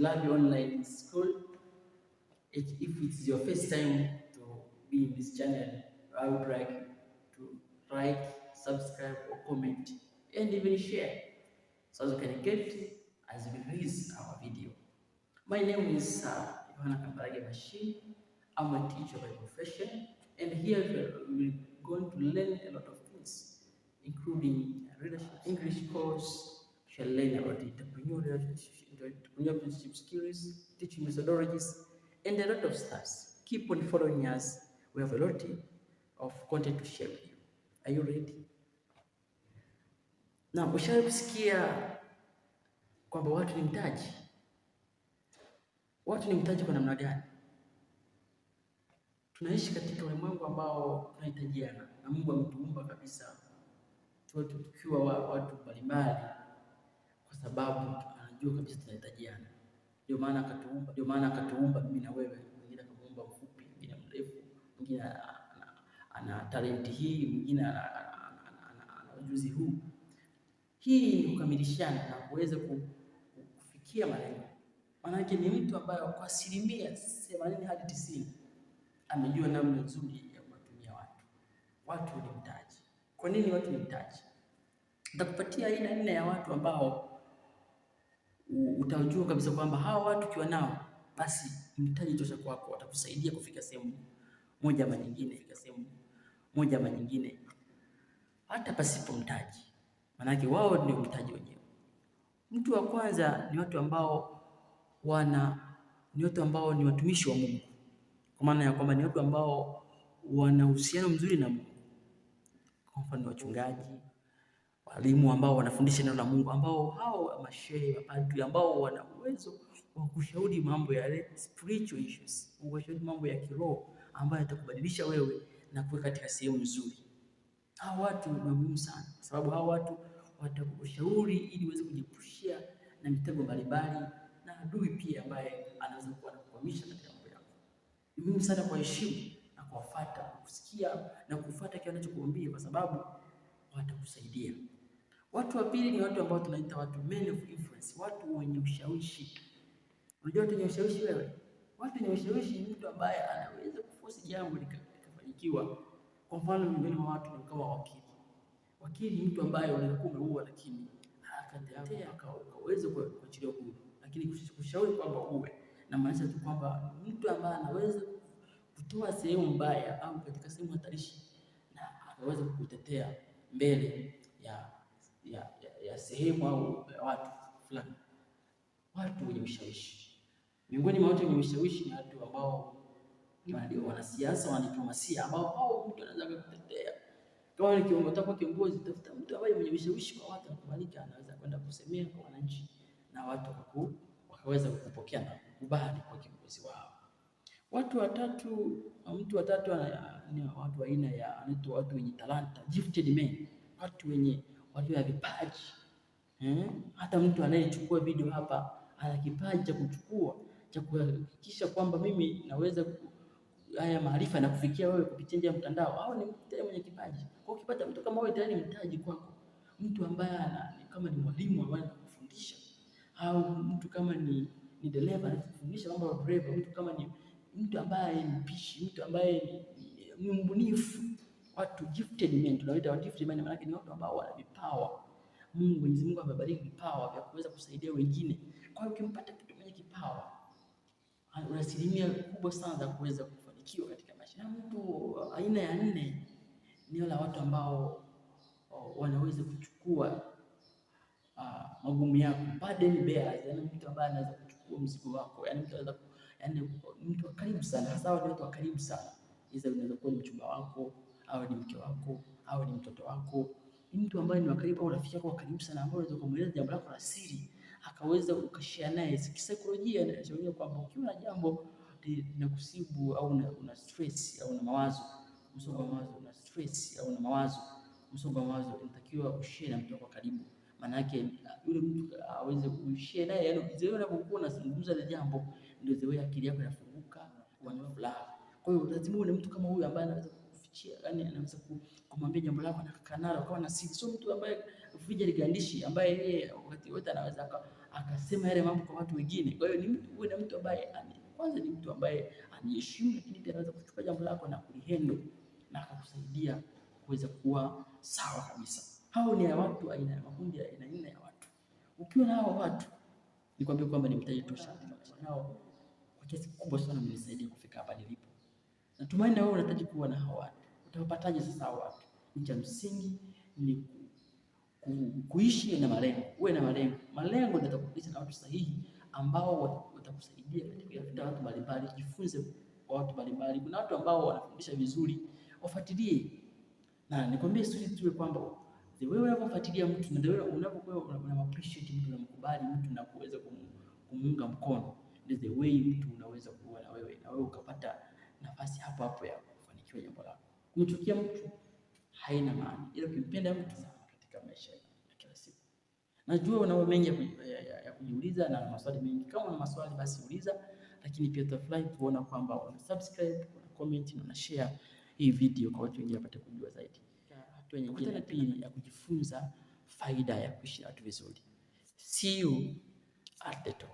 Learn Online School. If it's your first time to be in this channel, I would like to like, subscribe, or comment, and even share, so as you can get as we release our video. My name is uh, Kambarage Bashir. I'm a teacher by profession, and here we're going to learn a lot of things, including English course, shall learn about entrepreneurial entrepreneurship skills, teaching methodologies, and a lot of stuff. Keep on following us. We have a lot of content to share with you. Are you ready? Now, we Na ushaisikia kwamba watu ni mtaji. Watu ni mtaji kwa namna gani? Tunaishi katika ulimwengu ambao tunahitajiana, na Mungu ametuumba kabisa tuwe tukiwa watu mbalimbali kwa sababu tunajua kabisa tunahitajiana. Ndio maana akatuumba, ndio maana akatuumba mimi na wewe. Mwingine akakuumba mfupi, mwingine mrefu, mwingine ana talenti hii, mwingine ana ujuzi huu. Hii ni kukamilishana na kuweza kufikia malengo. Maanake ni mtu ambaye kwa asilimia themanini hadi tisini amejua namna nzuri ya kuwatumia watu. Watu ni mtaji. Kwa nini watu ni mtaji? Nitakupatia aina nne ya watu ambao utajua kabisa kwamba hawa watu ukiwa nao basi mtaji tosha kwako, watakusaidia kufika sehemu moja ama nyingine, fika sehemu moja ama nyingine, hata pasipo mtaji, maanake wao ndio mtaji wenyewe. Mtu wa kwanza ni watu ambao wana ni watu ambao ni watumishi wa Mungu, kwa maana ya kwamba ni watu ambao wana uhusiano mzuri na Mungu, kwa mfano wachungaji walimu ambao wanafundisha neno la Mungu, ambao hao mashehe, mapadri ambao wana uwezo wa kushauri mambo ya spiritual issues, kushauri mambo ya kiroho ambayo yatakubadilisha wewe na kuweka katika sehemu nzuri. Hao watu ni muhimu sana, kwa sababu hao watu watakushauri ili uweze kujipushia na mitego mbalimbali na adui pia ambaye anaweza kuwa anakukwamisha katika mambo yako. Ni muhimu sana kwa heshima na kuwafuata, kusikia na kufuata kile anachokuambia, kwa sababu watakusaidia. Watu wa pili ni watu ambao tunaita watu men of influence, watu wenye ushawishi. Unajua watu wenye ushawishi wewe? Watu wenye ushawishi ni mtu ambaye anaweza kufosi jambo likafanikiwa. Kwa mfano, miongoni mwa watu kama wakili. Wakili ni mtu ambaye ulikuwa umeua, lakini akatetea akaweza kuachiliwa huru, lakini kushauri kwamba uwe na maanisha tu kwamba mtu ambaye anaweza kutoa sehemu mbaya au katika sehemu hatarishi na akaweza kukutetea mbele sehemu au eh, watu fulani, watu wenye ushawishi. Miongoni mwa watu wenye ushawishi ni watu ambao ndio wanasiasa, wanadiplomasia, ambao hao mtu anaweza kutetea. Kama ni kiongozi wako, kiongozi, tafuta mtu ambaye mwenye ushawishi kwa watu, anakubalika, anaweza kwenda kusemea kwa wananchi na watu waku wakaweza kukupokea na kukubali kwa kiongozi wao. Watu watatu, mtu watatu ni watu aina ya anaitwa watu wenye talanta, gifted men, watu wenye walio na vipaji Eh? Hata mtu anayechukua video hapa ana kipaji cha kuchukua cha kuhakikisha kwamba mimi naweza haya maarifa na kufikia wewe kupitia njia ya mtandao, au ni mtu mwenye kipaji. Kwa ukipata mtu kama wewe tayari mtaji kwako, mtu ambaye ana kama ni mwalimu anaweza kufundisha, au mtu kama ni ni dereva anafundisha mambo ya dereva, mtu kama ni mtu ambaye ni mpishi, mtu ambaye ni mbunifu, watu gifted men tunawaita, watu gifted men maana ni watu ambao wana vipawa Mungu, Mwenyezi Mungu amebariki vipawa vya kuweza kusaidia wengine. Kwa hiyo ukimpata mtu mwenye kipawa, una asilimia kubwa sana za kuweza kufanikiwa katika maisha. Na mtu aina ya nne ni wale watu ambao wanaweza kuchukua uh, magumu yako, burden bearers, yani mtu ambaye anaweza kuchukua mzigo wako, yani mtu anaweza yani mtu wa karibu sana, hasa wale watu wa karibu sana, iza unaweza kuwa ni mchumba wako au ni mke wako au ni mtoto wako ni mtu ambaye ni wa karibu au rafiki yako wa karibu sana, ambaye unaweza kumweleza jambo lako la siri akaweza ukashare naye. Kisaikolojia inashauri kwamba ukiwa na jambo linakusibu au una, una stress au una mawazo msongo wa mawazo, una stress au una mawazo msongo wa mawazo, unatakiwa ushare na mtu wako karibu, maana yake ah, yule mtu aweze kushare naye, Yani ukizoea unapokuwa unazungumza na jambo ndio zoea akili yako inafunguka kwa furaha. Kwa hiyo lazima uone mtu kama huyu ambaye anaweza kukuachia, yani anaweza kumwambia jambo lako na kanalo kama na siri. Sio mtu ambaye vija ligandishi ambaye yeye wakati wote anaweza akasema yale mambo kwa watu wengine. Kwa hiyo ni mtu uwe na mtu ambaye kwanza ni mtu ambaye aniheshimu, lakini pia anaweza kuchukua jambo lako na kulihendo na akakusaidia kuweza kuwa sawa kabisa. Hao ni ya watu aina ya makundi ya aina nne ya watu. Ukiwa na hao watu nikwambie kwamba ni mtaji tosha nao kwa kiasi kikubwa sana umenisaidia kufika hapa nilipo. Natumaini na wewe unahitaji kuwa na hao watu utawapataje sasa watu? Ni cha msingi ni ku, kuishi na malengo, uwe na malengo. Malengo ndio yatakufikisha na watu sahihi ambao watakusaidia katika kutafuta watu mbalimbali. Jifunze kwa watu mbalimbali, kuna watu ambao wanafundisha vizuri, wafuatilie. Na nikwambie siri tuwe kwamba wewe unapofuatilia mtu na wewe unapokuwa una appreciate mtu, unamkubali mtu na kuweza kumuunga mkono, ndio the way mtu unaweza kuwa na wewe na wewe ukapata nafasi hapo hapo ya kufanikiwa jambo lako. Kumchukia mtu haina maana, ila ukimpenda mtu katika maisha ya kila siku. Najua una mengi ya kujiuliza na maswali mengi. Kama una maswali basi uliza, lakini pia tutafurahi kuona kwamba una subscribe, una comment na una share hii video kwa watu wengine wapate kujua zaidi. Hatua nyingine ya pili ya kujifunza faida ya kuishi na watu vizuri. See you at the top.